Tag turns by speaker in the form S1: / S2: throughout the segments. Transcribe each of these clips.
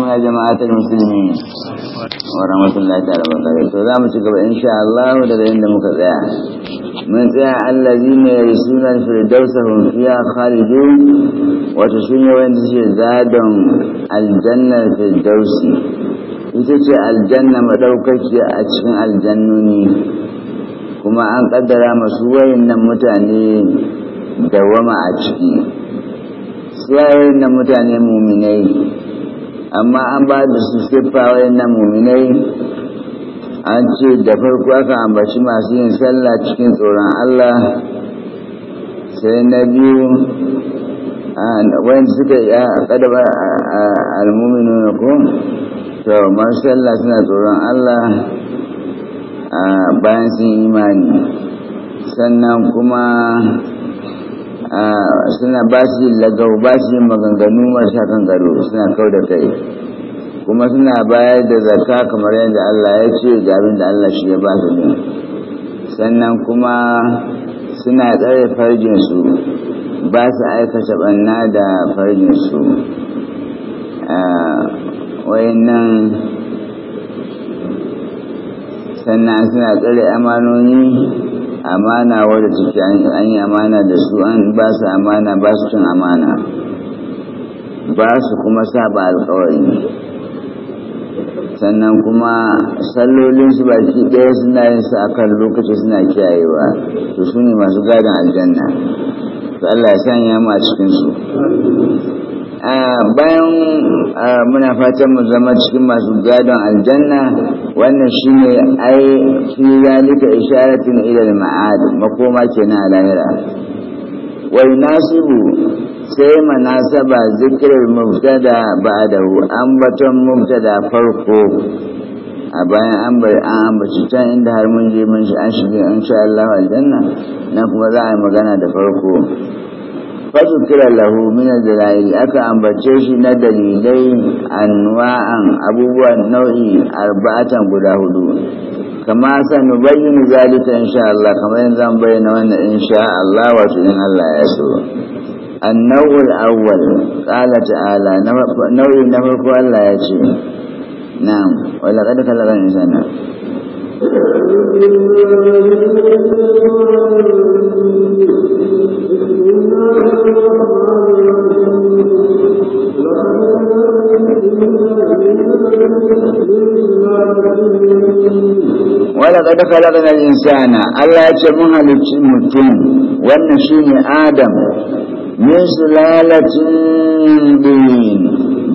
S1: suna jama'atar musulmi wa rahmatullahi ta'ala wa barakatuh za mu ci gaba insha Allahu daga inda muka tsaya mun tsaya allazina yusuna fil dawsahum fiha khalidun wa tusuna wa indi zadan aljanna fil dawsi ita ce aljanna madaukaki a cikin aljannuni kuma an kaddara masu wayannan mutane dawama a ciki sai na mutane muminai amma an ba da su siffa wayannan muminai an ce da farko aka ambaci masu yin sallah cikin tsoron Allah sai na biyu wani suka yi a ƙadabar al'umminu na to masu sallah suna tsoron Allah bayan sun imani sannan kuma suna ba shi lagau ba shi maganganu marasa kan gado suna kau da kai kuma suna bayar da zakka kamar yadda Allah ya ce ga abin da Allah shi ya ba su ne sannan kuma suna tsare farjinsu ba su aikata banna da farjinsu wayannan sannan suna tsare amanoni amana wadda take an yi amana da su an ba su amana ba su cin amana ba su kuma saba alkawari sannan kuma su ba ɗaya suna yin su kan lokaci suna kiyayewa to su ne masu gadon aljanna to Allah ya sanya mu a cikin su bayan muna fatan mu zama cikin masu gadon aljanna wannan shine ai fi zalika isharatin ila al-ma'ad makoma kenan a lahira wai nasibu sai manasaba zikirar mubtada ba'dahu ambaton mubtada farko a bayan an bari an ambaci can inda har mun je mun shi an shige insha Allah aljanna nan kuma za a yi magana da farko فذكر له من الدلائل أكا أن بتشيش لي أنواعا أبوا نوعي أربعة قداهدو كما سنبين ذلك إن شاء الله كما ينزم بين من إن شاء الله وإن الله يسر النوع الأول قال تعالى نوع نمرك الله يسر نعم ولقد خلق الإنسان Wa lalata ta kalar da ce mun halarci mutum, wannan shi ne Adam. Yau zai lalata yin gumi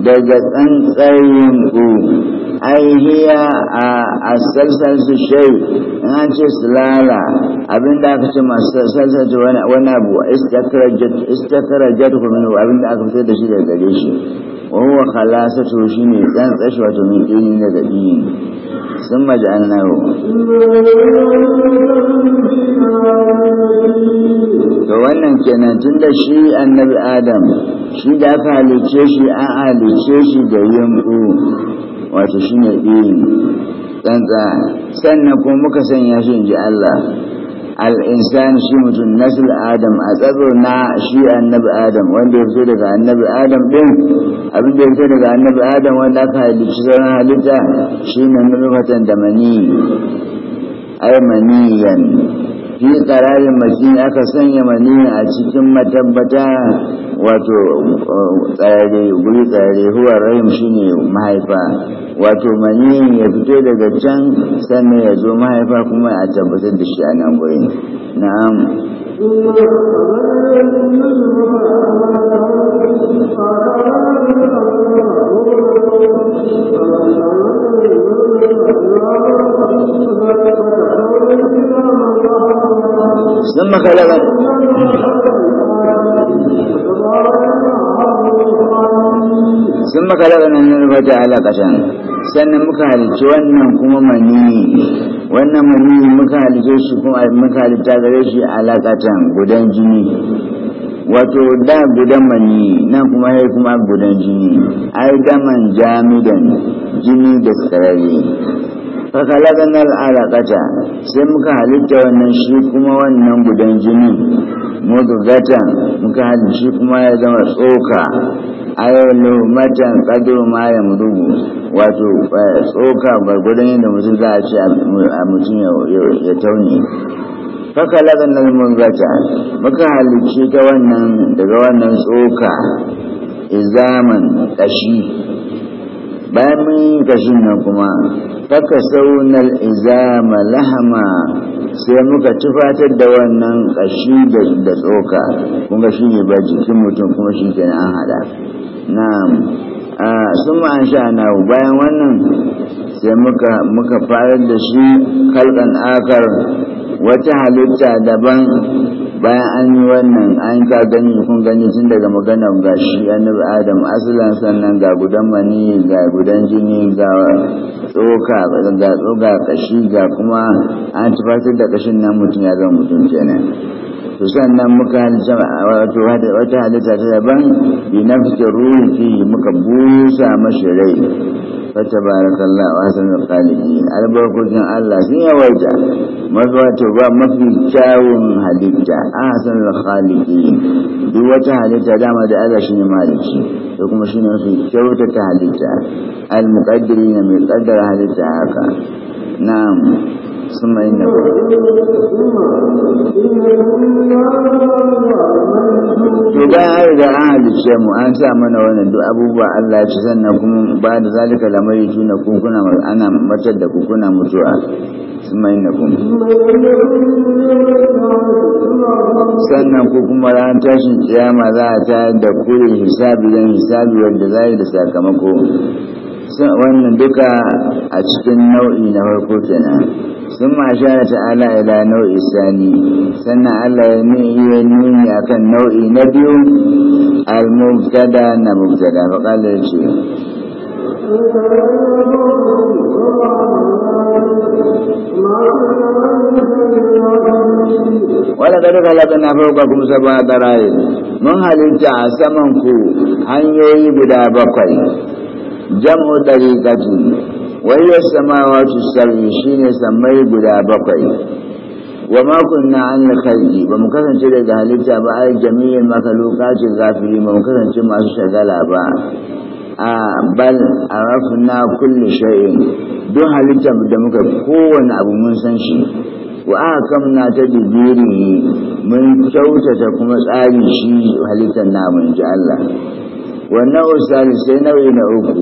S1: daga tsantsar yinku. ai hiya a su shai an ce silala abin da aka ce masu su wani abu istakarajat kuma abin da aka fitar da shi da gare shi wahuwa to shi ne dan tsashi wato mai ɗini na gaɗi sun maji maja'annahu to wannan kenan tun da shi annabi adam shi da aka halice shi an halice shi da yin wato shi ne ɗin tsantsa sannan kuma muka sanya shi in ji Allah al'insan shi mutum nasil adam a tsaro na shi annabi adam wanda ya fito daga annabi adam ɗin abin da ya fito daga annabi adam wanda aka halicci sauran halitta shi ne nufatan da mani ai maniyan fi ƙararin makin aka sanya mani a cikin matabbata wato tsare guri tsare huwa rahim ne mahaifa wato mani ya fito daga can sannan ya zo mahaifa kuma a tabbatar da shi a nan gurin na'am
S2: Thank you. nan makalala
S1: sun makalala nan yin rufa ta'ala kashan sannan muka halicci wannan kuma mani wannan mani muka halicce shi kuma muka halicta gare shi alakatan gudan jini wato da gudan mani na kuma ya kuma gudan jini ai daman jami'an jini da sarari فخلقنا العلقة سمك muka halitta وننبو دنجني kuma wannan هلشيكم jini, سوكا ayo lumatan kadiru kuma ya mudugu wato tsoka gwargwadon yadda mutum za a ce a mutum ya tauni faka lagan nan zata, muka halicci ta wannan daga wannan tsoka izaman ƙashi bayan mun kashin nan kuma faka saunar izama lahama sai muka tufatar da wannan kashi da tsoka kuma shi ne ba jikin mutum kuma shi ke an hada na ah, sun ma'an sha na bayan wannan sai muka farar da shi kalkan akar wata halitta daban bayan an yi wannan an ka gani kun gani tun daga magana ga shi annabi adam asalan sannan ga gudan mani ga gudan jini ga tsoka ga tsoka kashi ga kuma an tabbatar da kashin nan mutum ya zama mutum kenan to sannan muka wato wata halitta ta daban bi nafsi ruhi fi muka busa mashi rai fa tabarakallahu ahsanul khaliqin albarkatun Allah sun yawaita mazuwa ba mafi kyawun halitta a hasan al-khaliki duk wata halitta dama da Allah shine maliki da kuma shine mafi kyautata halitta al-muqaddirina mai kaddara halitta haka نعم ثم إنه idan an riga an halicce mu an sa mana wannan duk abubuwa Allah ya sannan kuma ba da zalika lamari tuna kunkuna ana matar da kunkuna mutuwa suma inna sannan ku kuma ran tashin kiyama za a tayar da kurin hisabi don hisabi wanda za yi da sakamako wannan duka a cikin nau'i na farko kenan sun masha da ta'ala ila nau'i sani sannan Allah ya niyi nuni akan nau'i na biyu al-mubtada na mubtada faƙalar ce wadda da duka lafi na farko kuma saboda barayi mun halitta a saman ku hanyoyi guda bakwai jam'u dariqati wayya samawati shi shine sammai guda bakwai wa ma kunna an khalqi ba mu kasance daga halitta ba ai jami'in makhluqati ghafili ba mu kasance masu shagala ba a bal arafna kulli shay'in duk halitta da muka kowane abu mun san shi wa aka na ta dubiri mun kyautata kuma tsari shi halittar namun ji Allah wannan usali sai nau'i na uku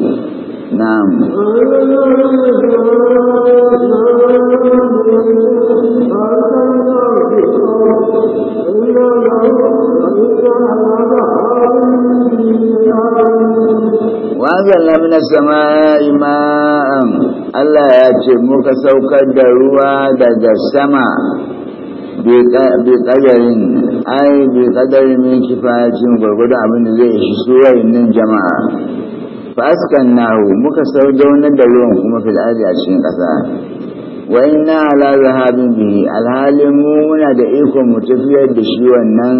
S1: mina sama'i ma'am Allah ya ce muka saukar da ruwa daga sama bi ƙayarin ai bi kadar min kifayacin gwargwadon abin da zai ishi su nan jama'a askan nahu muka sau da ruwan kuma fil'adi a cikin ƙasa wai na ala zahabin bihi alhalin mu muna da ikon mu tafiyar da shi wannan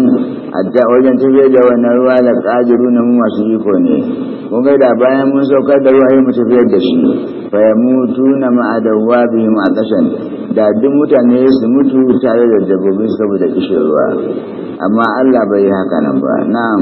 S1: wajen tafiyar da wannan ruwa da kajiru na mu masu iko ne kun ga da bayan mun saukar da ruwa mu tafiyar da shi fa ya mutu na ma'adawa bihim a kasan da duk mutane su mutu tare da dabbobin saboda kishin ruwa amma Allah bai yi haka nan ba na'am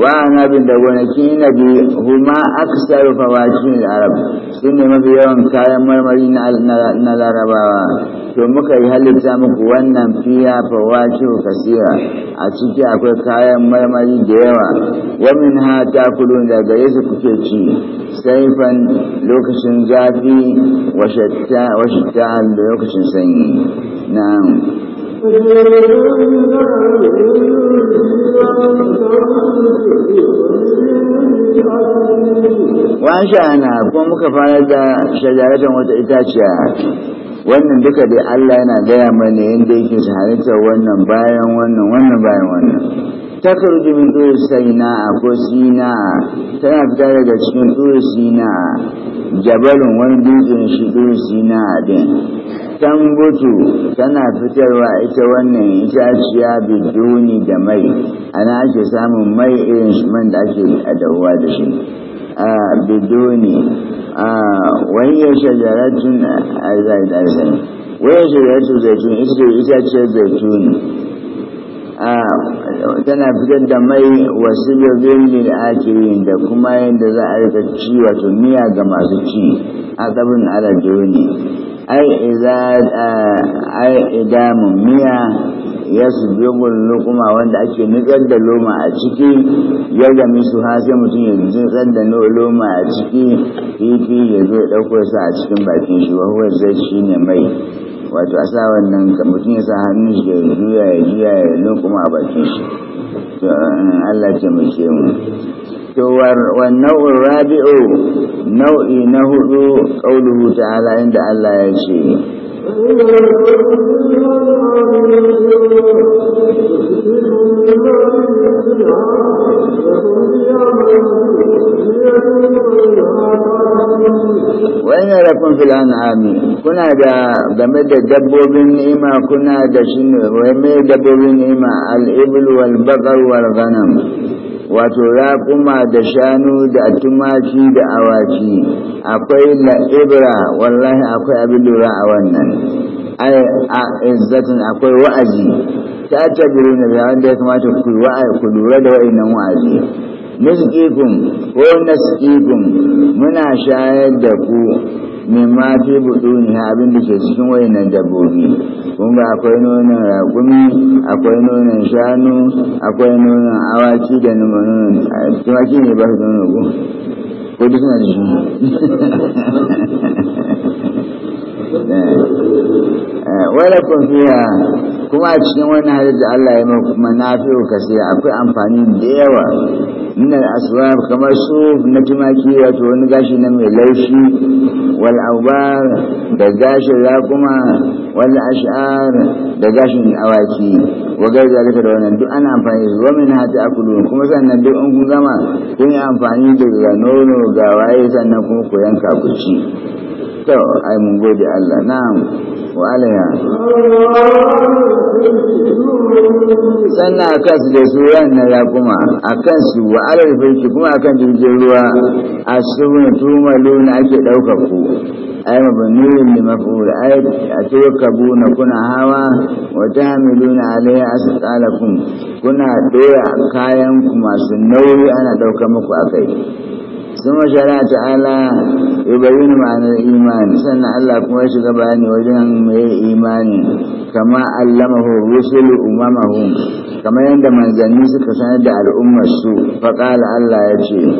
S1: وعنب da gonakin nabi huma aksar fawashin arab sun ne mafi yawan kayan marmari na larabawa to muka yi halitta muku wannan fiya fawashin kasira a ciki akwai kayan marmari da yawa wa min ha ta kulun da gare su kuke ci saifan lokacin zafi wa shatta lokacin sanyi na'am washana kuma muka fara da shajaratan wata itaciya wannan duka dai Allah yana gaya mana yadda yake halittar wannan bayan wannan wannan bayan wannan ta karbi min turu sina ko sina tana fita daga cikin turu sina jabalin wani dutsen shi turu sina din gutu tana fitarwa ita wannan itaciya biduni da mai ana ake samun mai irin shi man da ake adawa da shi a biduni a wani shajaratun a zai wani shajaratun zaitun ita ce itaciyar zaitun tana fitar da mai wasu yobin yin da kuma yadda za a rika ci wato miya ga masu ci a tsabin ala ne ai idamun miya ya sujugun lokuma wanda ake nutsar da loma a ciki ya gami ha sai mutum ya nutsar da loma a ciki kifi ya zo ɗauko sa a cikin bakin shi huwa zai shi ne mai wato a sa wannan mutum ya sa hannun shi ya juya ya juya ya lokuma a bakin shi to Allah ce mu والنوع الرابع نوع نهض قوله تعالى عند الله يجي wani rafin fil'an'ami kuna da game da dabbobin ni'ima kuna da shi ne wai mai dabbobin ni'ima al'ibul wato raƙuma da shanu da tumaki da awaki akwai la'ibra wallahi akwai abin lura a wannan a izzatin akwai wa'azi ta tabiru na wanda ya kamata ku lura da wa'in nan wa'azi nuskikum ko naskikum muna shayar da ku mimma fi ne abin da ke cikin wayannan dabbobi kun ba akwai nonon raƙumi akwai nonon shanu akwai nonon awaki da nonon tumaki ne ba su nono ku ko duk na shi wala kun fiya kuma a cikin wannan hadisi Allah ya manafi'u kase, akwai amfani da yawa min al kamar su na tumaki wato wani gashi na mai laushi wal awbar da gashin rakuma wal ash'ar da gashin awaki wa gaira zalika da wannan duk ana amfani da wa min hata akulu kuma sannan duk in kun gama kun yi amfani da nono ga waye sannan kuma ku yanka to ai mun gode Allah na'am wa alaiha sannan akan su da su na ya kuma a su wa alal fulki kuma akan jirgin ruwa a suna tuma luna ake ɗaukar ku ai mabanurin da mafi'ul ai a turkabu na kuna hawa wa tahmilu na alaiha asqalakum kuna doya kayan ku masu nauyi ana ɗaukar muku akai sama shara ta ala ya bayyana ma'anar imani sannan allah kuma ya shiga bani wajen mai imani kama allamahu rusulu umamahu kama yadda manzanni suka sanar da al'ummar su faƙala allah ya ce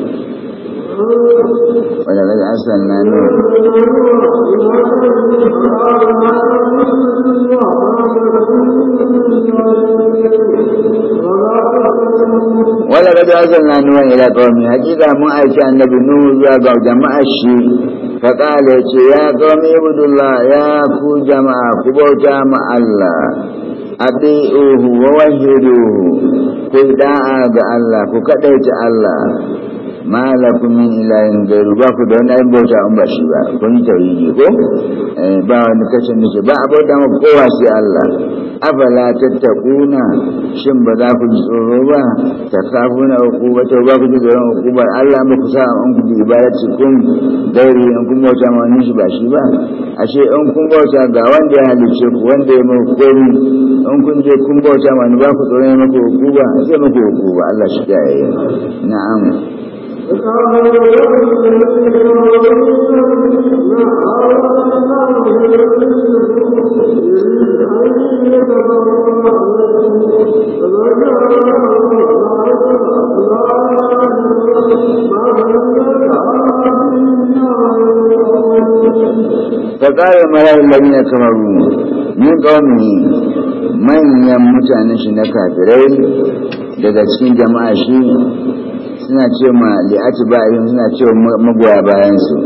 S1: wala da azalna nuwan ila qaumi hakika mun aiki annabi nuhu zuwa ga jama'a shi fa qala ce ya qaumi ibudullah ya ku jama'a ku bauta ma Allah adiuhu wa wahiduhu ku da'a ga Allah ku kadaita Allah ma min ilahin gairu ba ku da wani ayin bauta an ba shi ba kun tauhidi ko eh, ba wani kashin nake ba a bauta ma kowa sai Allah afala tattakuna shin ba za ku ji tsoro ba takafuna uku ba ku ji tsoron ba? Allah ba ku sa an ku bi ibadati kun gairu an kun bauta ma wani shi ba shi ba ashe an kun bauta ga wanda ya halice ku wanda ya muku komi an kun je kun bauta ma ni ba ku tsoron ya muku ba sai muku ba Allah shi ya yi na'am Zagaya mara ilai na tamaru, ni gomini manyan mutane shi na kafirai daga cikin jama'a shi suna ce ma li'ati ba'in suna ce magoya bayan su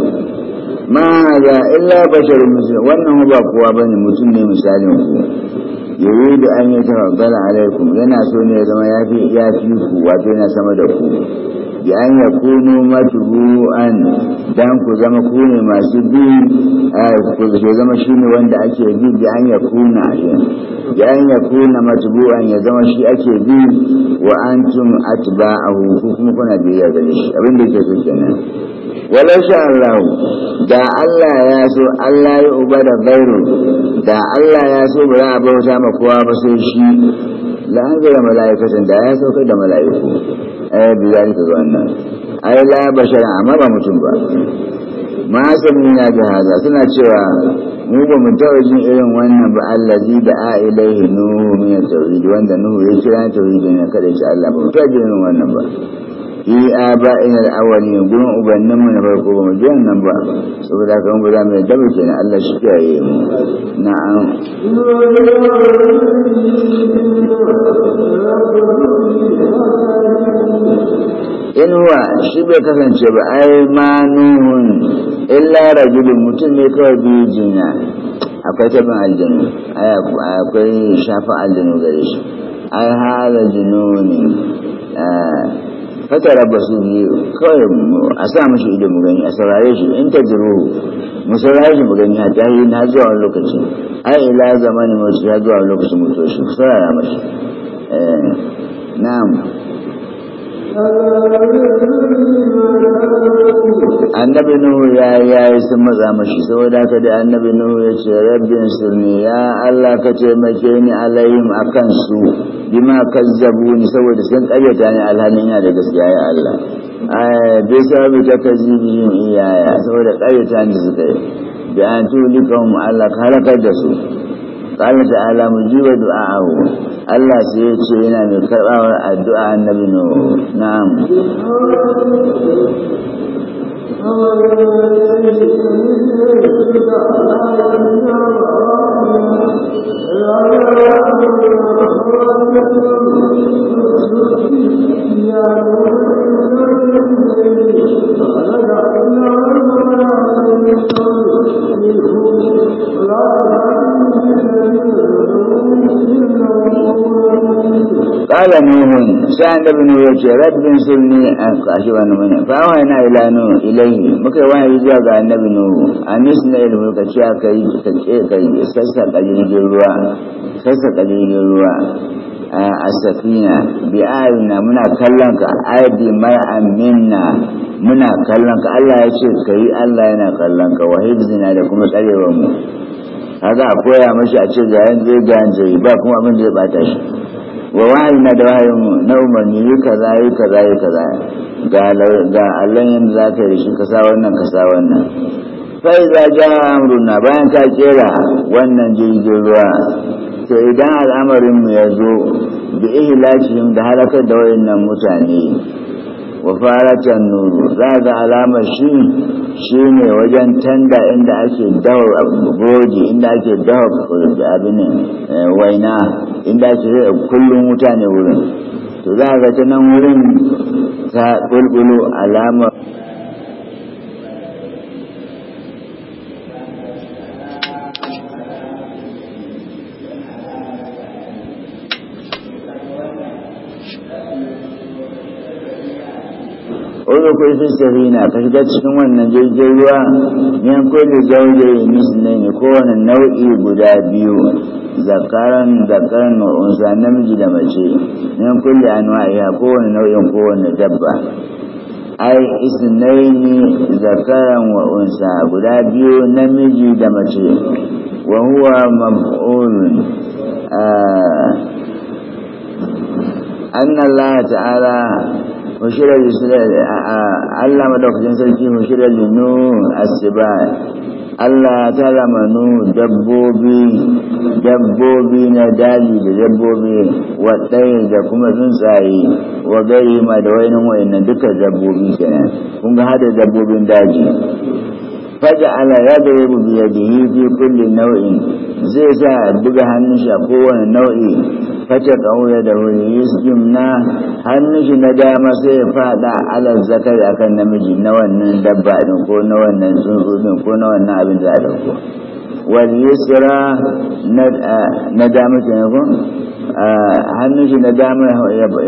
S1: ma ga illa bashar musu wannan ba kowa bane mutum ne misalin ku yayi da an yi tawakkala alaikum yana so ne ya zama ya fi ku wato yana sama da ku bi an ya kunu an dan ku zama ku ne masu bi ku zama shi ne wanda ake bi bi an ya kuna bi an ya kuna an ya zama shi ake bi wa antum atba'ahu ku kuma kuna biyayya da shi abin da yake so kenan wala sha Allah da Allah ya so Allah ya ubada bairu da Allah ya so ba za a bauta ma kowa ba sai shi la da mala'ikatan da ya sauka da mala'iku biya bi ta zo wannan ay la bashara amma ba mutum ba ma ya ga haza suna cewa mu ba mu taɓa jin irin wannan ba allazi da a ilaihi nuhu min tauhid wanda nuhu ya kira tauhid ne kada shi Allah ba mu taɓa jin irin wannan ba yi a ba'in awwalin gurin ubannin mu na farko ba mu ji wannan ba saboda kan ba za mu yadda mu kenan Allah shi kiyaye mu na'am in shi bai kasance ba ai ma nuhun illa rajulun mutum ne kawai biyu jinya akwai tabin aljanu akwai shafa aljanu gare shi ai hala jinuni fata rabba su biyu kawai a sa mashi ido mu gani a saurare shi in ta jiru mu saurare shi mu gani a tahi na zuwa wani lokaci ai ila zamanin mutu ya zuwa wani lokaci mutu shi saurara mashi eh, na'am annabi nuhu ya yayi sun matsa mashi saboda haka da annabi nuhu ya ce rabbin ne ya Allah ka taimake ni alayhim akan su bima kazzabu ni saboda sun karyata ni alhalin ya da gaskiya ya Allah bai sabu ta yin iyaya saboda karyata ni suka yi bi an tulikum Allah ka halakar da su قال تعالى مجيب دعاءه Allah sai ya ce yana mai karɓawar addu'a annabi na'am قال نوح سعد بن يوسف رب انزلني أشوان منه فأوهينا إلى نوح إليه nuhu muka yi wani zuwa ga annabi nuhu a ilimin ka ciya ka yi kai kake kai sassaka jirgin ruwa sassa jirgin ruwa a safina bi ayyuna muna kallon ka aidi mai minna muna kallon ka Allah ya ce ka yi Allah yana kallon ka wa hibzina da kuma tsarewa mu kaga a koya mashi a ce ga yan zai ga yan ba kuma abin da ya bata shi wa na da wahayin mu na umarni yi kaza yi kaza yi kaza ga allon yadda za ka yi shi kasa wannan kasa wannan sai za ja amruna bayan ka kera wannan jirgin ruwa sai idan al'amarinmu ya zo da ihlakihim da halakar da wayannan mutane wa faratan nuru za ga alamar shi shi ne wajen tanda inda ake abu goji inda ake dawa abin eh, waina inda ake kullum mutane wurin to za ga ta nan wurin kusa gulgulo alama akwai sassarina ka shiga cikin wannan jirgin ruwa yan jirgin zaure misnani kowane nau'i guda biyu zakaran zakaran unsa namiji da mace min kulli anwa'iha kowane nau'in kowane dabba ai isnaini zakaran wa unsa guda biyu namiji da mace wa huwa maf'ulun anna Allah ta'ala hushirar Allah madaukakin sarki hushirar linu asibai Allah ya tara manu dabbobi dabbobi na daji da dabbobi waɗaya da kuma tsuntsaye wa gari ma da wani wa'in duka dabbobi kenan kun ga hada dabbobin daji faja ala ya da yabu biya da yi fi kulle nau'in zai sa buga hannun shi a kowane nau'i fajar kaure da wuri yusjum na hannun shi na dama sai fada alal zakari akan namiji na wannan dabba din ko na wannan tsuntsu ko na wannan abin da ko wal yusra na dama ke ko hannun shi na dama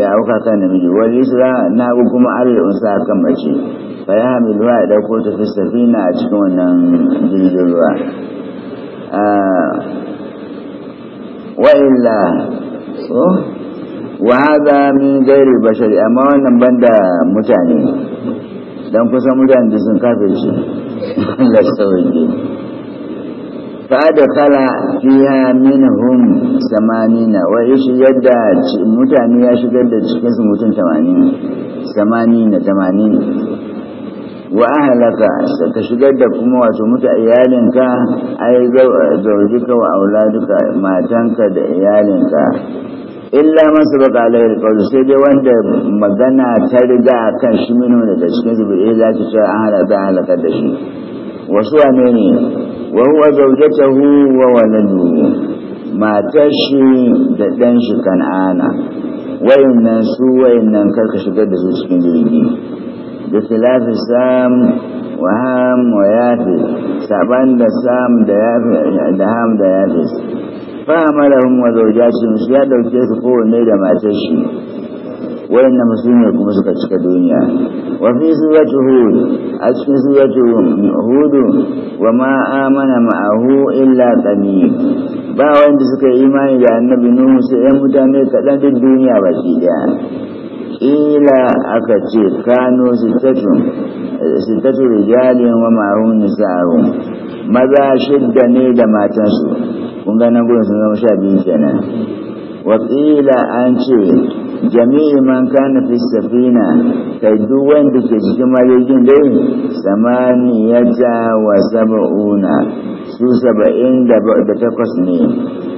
S1: ya auka kan namiji wal yusra na kuma alal unsa kan mace fa ya ruwa ya ko ta fi safina a cikin wannan jirgin ruwa illa. wa haza min gairi bashari amma wannan banda mutane dan kusan mutane da sun kafin shi
S2: Allah sauke
S1: fa'ada kala fiha minhum samanina wa ishi yadda mutane ya shigar da cikin su mutum 80 samanina 80 wa ahlaka ka shigar da kuma wato muta iyalinka ai zaujika wa auladuka matanka da iyalinka illa masu baka alayhi alqawl sai dai wanda magana ta riga kan shi minu daga cikin zubi za ta ce an da halaka da shi wasu wane ne wa huwa zawjatahu wa waladu matar shi da ɗan shi kan'ana wayannan su wayannan karka shigar da su cikin jirgi بخلاف السام وهام ويافس سعبان دا سام دا يافس دا هام دا يافس لهم وزوجاتهم سيادة وكيف قول نيدا ما تشي وإن مسلم يكون سكتشك الدنيا وفي سورة هود أشكي سورة هود وما آمن معه إلا قليل ba wanda suka yi imani da annabi Nuhu sai ‘yan mutane kaɗan kila aka ce kano sittatu rijalin wa ma'arun nisa'arun maza shidda ne da matansu kun ganin gudun sun zama sha biyu kenan wakila an ce jami'i man kana fi safina kai duk wanda ke cikin marigin dai samaniyata wa saba'una su saba'in da takwas ne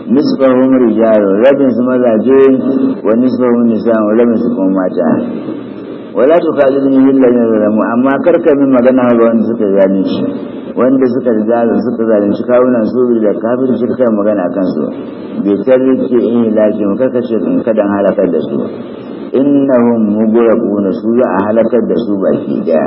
S1: nisfahum rijalun rabin su mazaje wa nisfahum nisa'un rabin su kuma mata wala tu kaji min lillahi zalamu amma karka min magana ga wanda suka zalunci wanda suka zalunci suka zalunci kawunan su da kafin shi kai magana kan su bi tarike in lakin kaka ce kada halakar da su innahum mugrabuna su za a halakar da su baki daya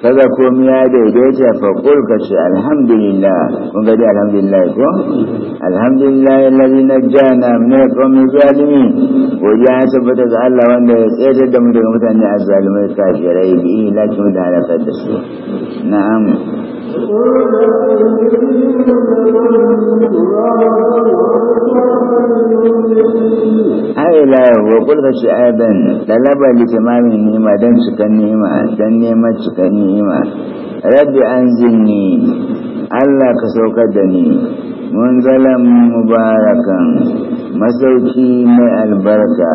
S1: kaga komai ya daidaita fa qul ka ce alhamdulillah kun ga alhamdulillah ko alhamdulillah alladhi najjana min qawmi zalimi wajen ya tabbata ga Allah wanda ya tsere da mu daga mutane azzalimai kafirai bi ilakin da halakar da su na'am Thank you. aila wa kulka shi aidan talaba tamamin nima don cikan nima don neman cika nima rabbi anzini allah ka sauka da ni mun zalam mubarakan masauki mai albarka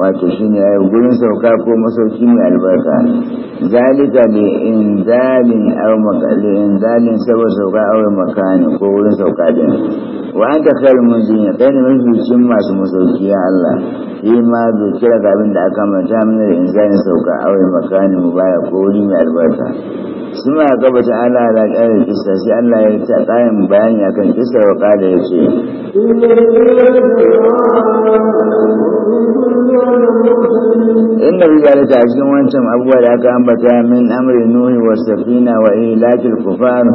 S1: wato ne ya gurin sauka ko masauki mai albarka zalika ne in zalin aw makali in zalin saboda sauka aw makani ko wurin sauka din wa mun khairul munzilin kai ne cin masu masauki ya Allah shi ma kira ga abin da aka manta mana da in zalin sauka aw makani baya ko wuri mai albarka suna gaba ta ala ala kare kisa sai Allah ya ta kayan bayani akan kisa wa kada ya ce inda rijalata a cikin wancan abubuwa da aka ambata min amri nuhi wa safina wa ilakil kufar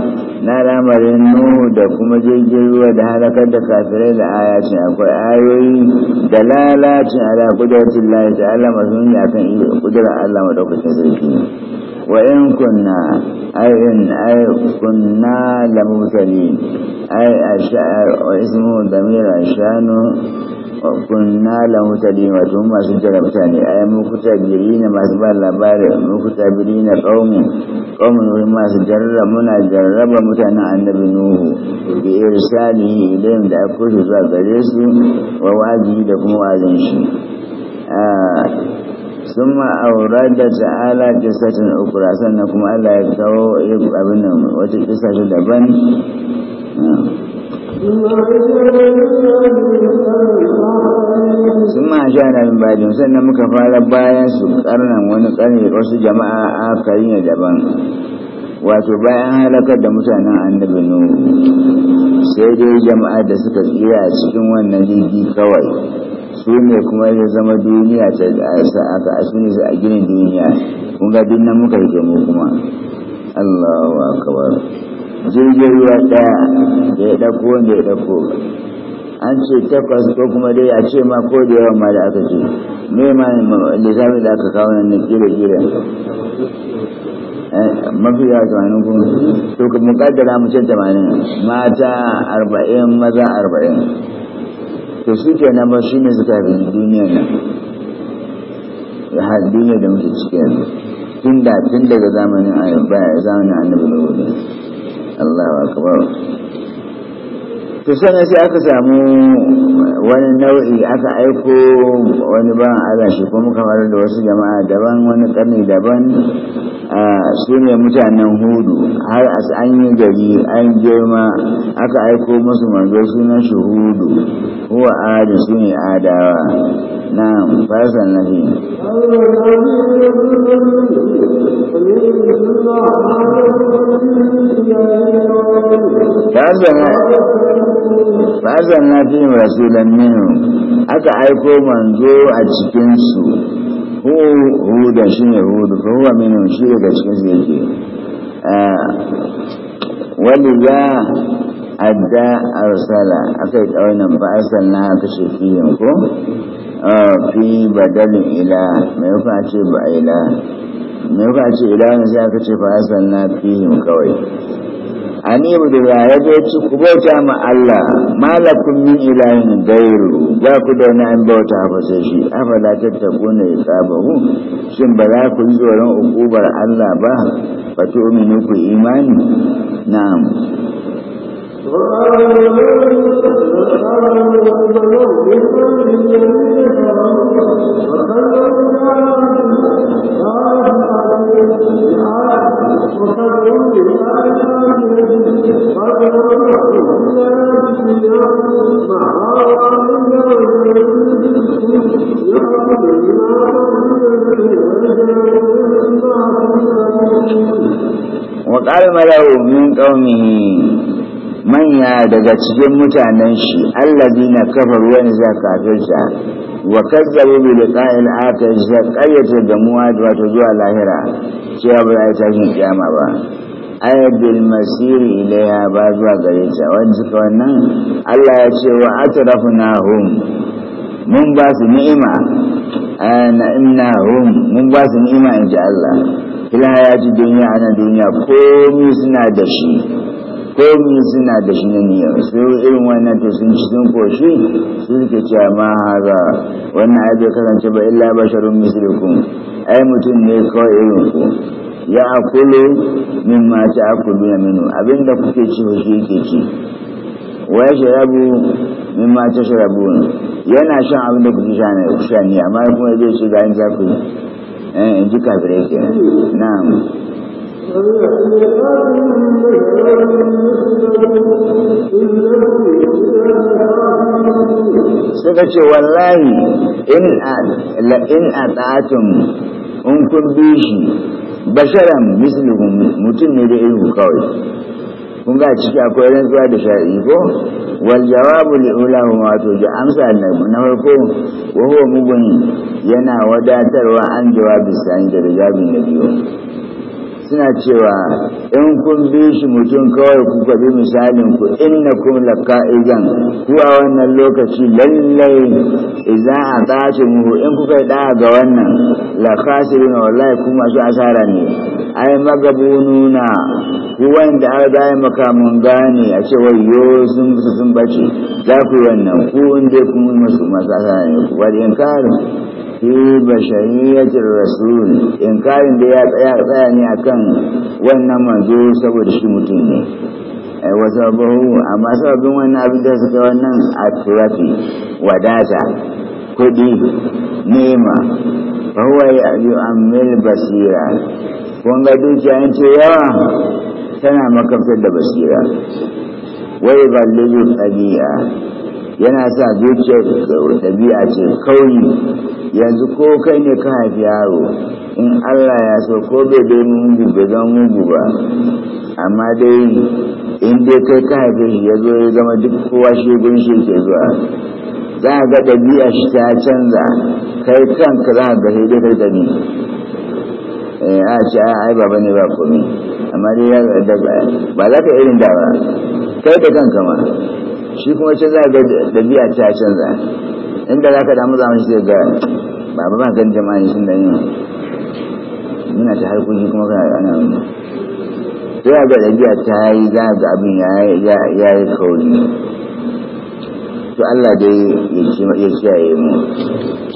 S1: na al'amarin nuhu da kuma jirgin ruwa da halakar da kafirai da ayatin akwai ayoyi da lalacin ala kudatin lahi ta'ala masu ne akan kudurar Allah madaukakin in وإن كنا أي إن أي كنا لمبتلين أي أشاء واسمه ضمير عشان kunna la mutali wa thumma sujjara mutani ay na girina masba labari mukuta birina qawmi qawmi wa ma sujjara muna jarraba mutana annabi nuhu bi irsali idan da shi za gare shi wa waji da kuma wajin shi summa aurada ta'ala qissatan ukra sannan kuma Allah ya kawo abin nan wata qissa daban
S2: Allah ya sun
S1: ma sha na yin bajin sannan muka fara bayan su karnan wani karni wasu jama'a a kari ne daban wato bayan halakar da mutanen annabi nuhu sai dai jama'a da suka tsira a cikin wannan jirgi kawai su ne kuma ya zama duniya ta asa aka asini su a ginin duniya kun ga dinnan muka yi mu kuma Allahu akbar jirgin ruwa ɗaya da ya dauko wanda ya an ce takwas ko kuma dai a ce ma ko da yawan ma da aka ce ne ma lissafin da aka kawo nan na gira eh, mafi yawa tamanin kuma to mu kaddara mu ce tamanin mata arba'in maza arba'in to su ke nan ba shi ne suka fi duniyar nan har duniya da muke ciki yanzu tun da tun daga zamanin annabi da wuri wa kabar. to sannan sai aka samu wani nau'i aka aiko wani ban Allah shi kuma kamar da wasu jama'a daban wani karni daban su ne mutanen hudu har as an yi gari an girma aka aiko musu manzo sunan shi hudu huwa adu su ne adawa na fasan nafi
S2: Fazan
S1: na fi rasulan minu aka aiko manzo a cikinsu, da shi ne hudu, kowa minu shi daga cikinsu yake. Wani ya adda arsala aka yi tsaunin ba arsal na kashe yin ko? Fi badalin ila, mai ce ba ila. ne ba ce idan sai aka ce fa hasan na fihim kawai ani bu da ya yaje ci ku bauta ma Allah malakum min ilahin gairu ya ku da na an bauta ba sai shi afala tattakuna sabahu shin ba za ku yi tsoron ukubar Allah ba fa yi ku imani na'am وقال الملأ من قومه manya daga cikin mutanen shi allazina kafaru wani za kafirta wa kazzabu bi liqa'il akhir za qayyata da muwad wato zuwa lahira cewa ba za ta yi kiyama ba ayabil masiri ilaiha ba zuwa gare ta wannan Allah ya ce wa atrafnahum mun ba su ni'ima na hum mun ba su ni'ima in ji Allah ila ya ji duniya ana duniya komi suna da shi komi suna da shi na niyya su irin wannan to sun ci sun koshi su suke cewa ma haza wannan ai bai ba illa basharun mislikum ai mutum ne kawai irin ku ya akulu min ma ta akulu na minu abinda kuke ci shi ke ci wa sharabu min ma ta sharabu yana shan abinda kuke sha ne amma kuma zai ci ga in za ku ji eh, kafirai na'am suka ce wallahi in a ta'atun in kun bi shi basharan mislihu mutum ne da ihu kawai kun ga ciki akwai rantsuwa da sha'i ko wal jawabu li ulahu wato ji amsa na farko wa huwa yana wadatarwa an jawabi sani da jawabin na biyu suna cewa in kun bi shi mutum kawai ku kwabi misalin ku inna kun laka izan ku a wannan lokaci lallai idan a tashi mu? in kuka yi ɗaya ga wannan lakasirin a na wallahi ku masu asara ne ai magabunu na ku wanda an gaya makamun gane a ce yo sun sun bace za ku wannan ku inda kun masu masu asara ne ku bari in fi bashariyatin rasul inkarin da ya tsaya tsaya ne akan wannan manzo saboda shi mutum ne wasu bahu amma sababin wannan abin da suka wannan a turafi wadata kuɗi nema ruwa ya yu'ammil basira kun ga dukiya ce yawa tana makamfar da basira wai ballilu ɗabi'a yana sa zuciyar ɗabi'a ce kawai. yanzu ko kai ne ka haifi yaro in Allah ya so ko bai dai mugu bai zama mugu ba amma dai in dai kai ka haifi shi ya zo ya zama duk kowa shi gun shi ke zuwa za a ga ɗabi'a shi ta canza kai kanka za a ga shi dai kai ɗabi eh, a ce ai ba ne ba komi amma dai ya ga ba za ka irin da ba kai da kanka ma shi kuma a ga ɗabi'a ta canza inda za ka damu zama shi ga ba ba kan jama'a ne sun da yin muna ta harkoki kuma kana ana wani ya ga ɗabi'a ta yi za ga abin ya yi kauri to Allah dai ya ya mu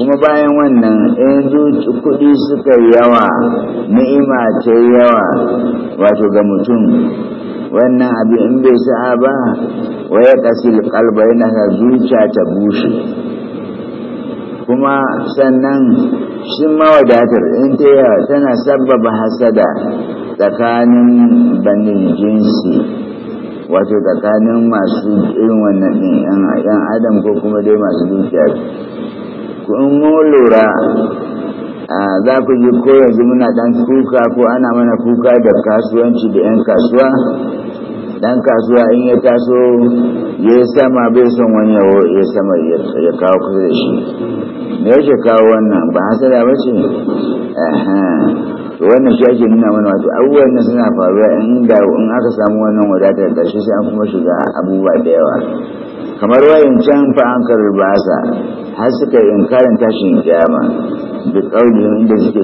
S1: kuma bayan wannan yanzu kuɗi suka yawa ni'ima ta yawa wato ga mutum wannan abin in bai sa'a ba waya kasil kalba yana zuciya ta bushe kuma sannan shi mawadatar in ta tana sababa hasada tsakanin banin jinsi wato tsakanin masu irin wannan ɗin yan adam ko kuma dai masu dukiya kun mu lura za ku ji ko yanzu muna ɗan kuka ko ana mana kuka da kasuwanci da 'yan kasuwa dan kasuwa in ya taso ya sama bai son wani yawo ya sama ya kawo kusa da shi me yake kawo wannan ba hasada ba ce wannan shi ake nuna mana wato abubuwan nan suna faruwa in in aka samu wannan wadatar shi, sai an kuma shiga abubuwa da yawa
S2: kamar wayan can fa an karɓa har suka inkarin tashin kiyama da ƙaunin inda suke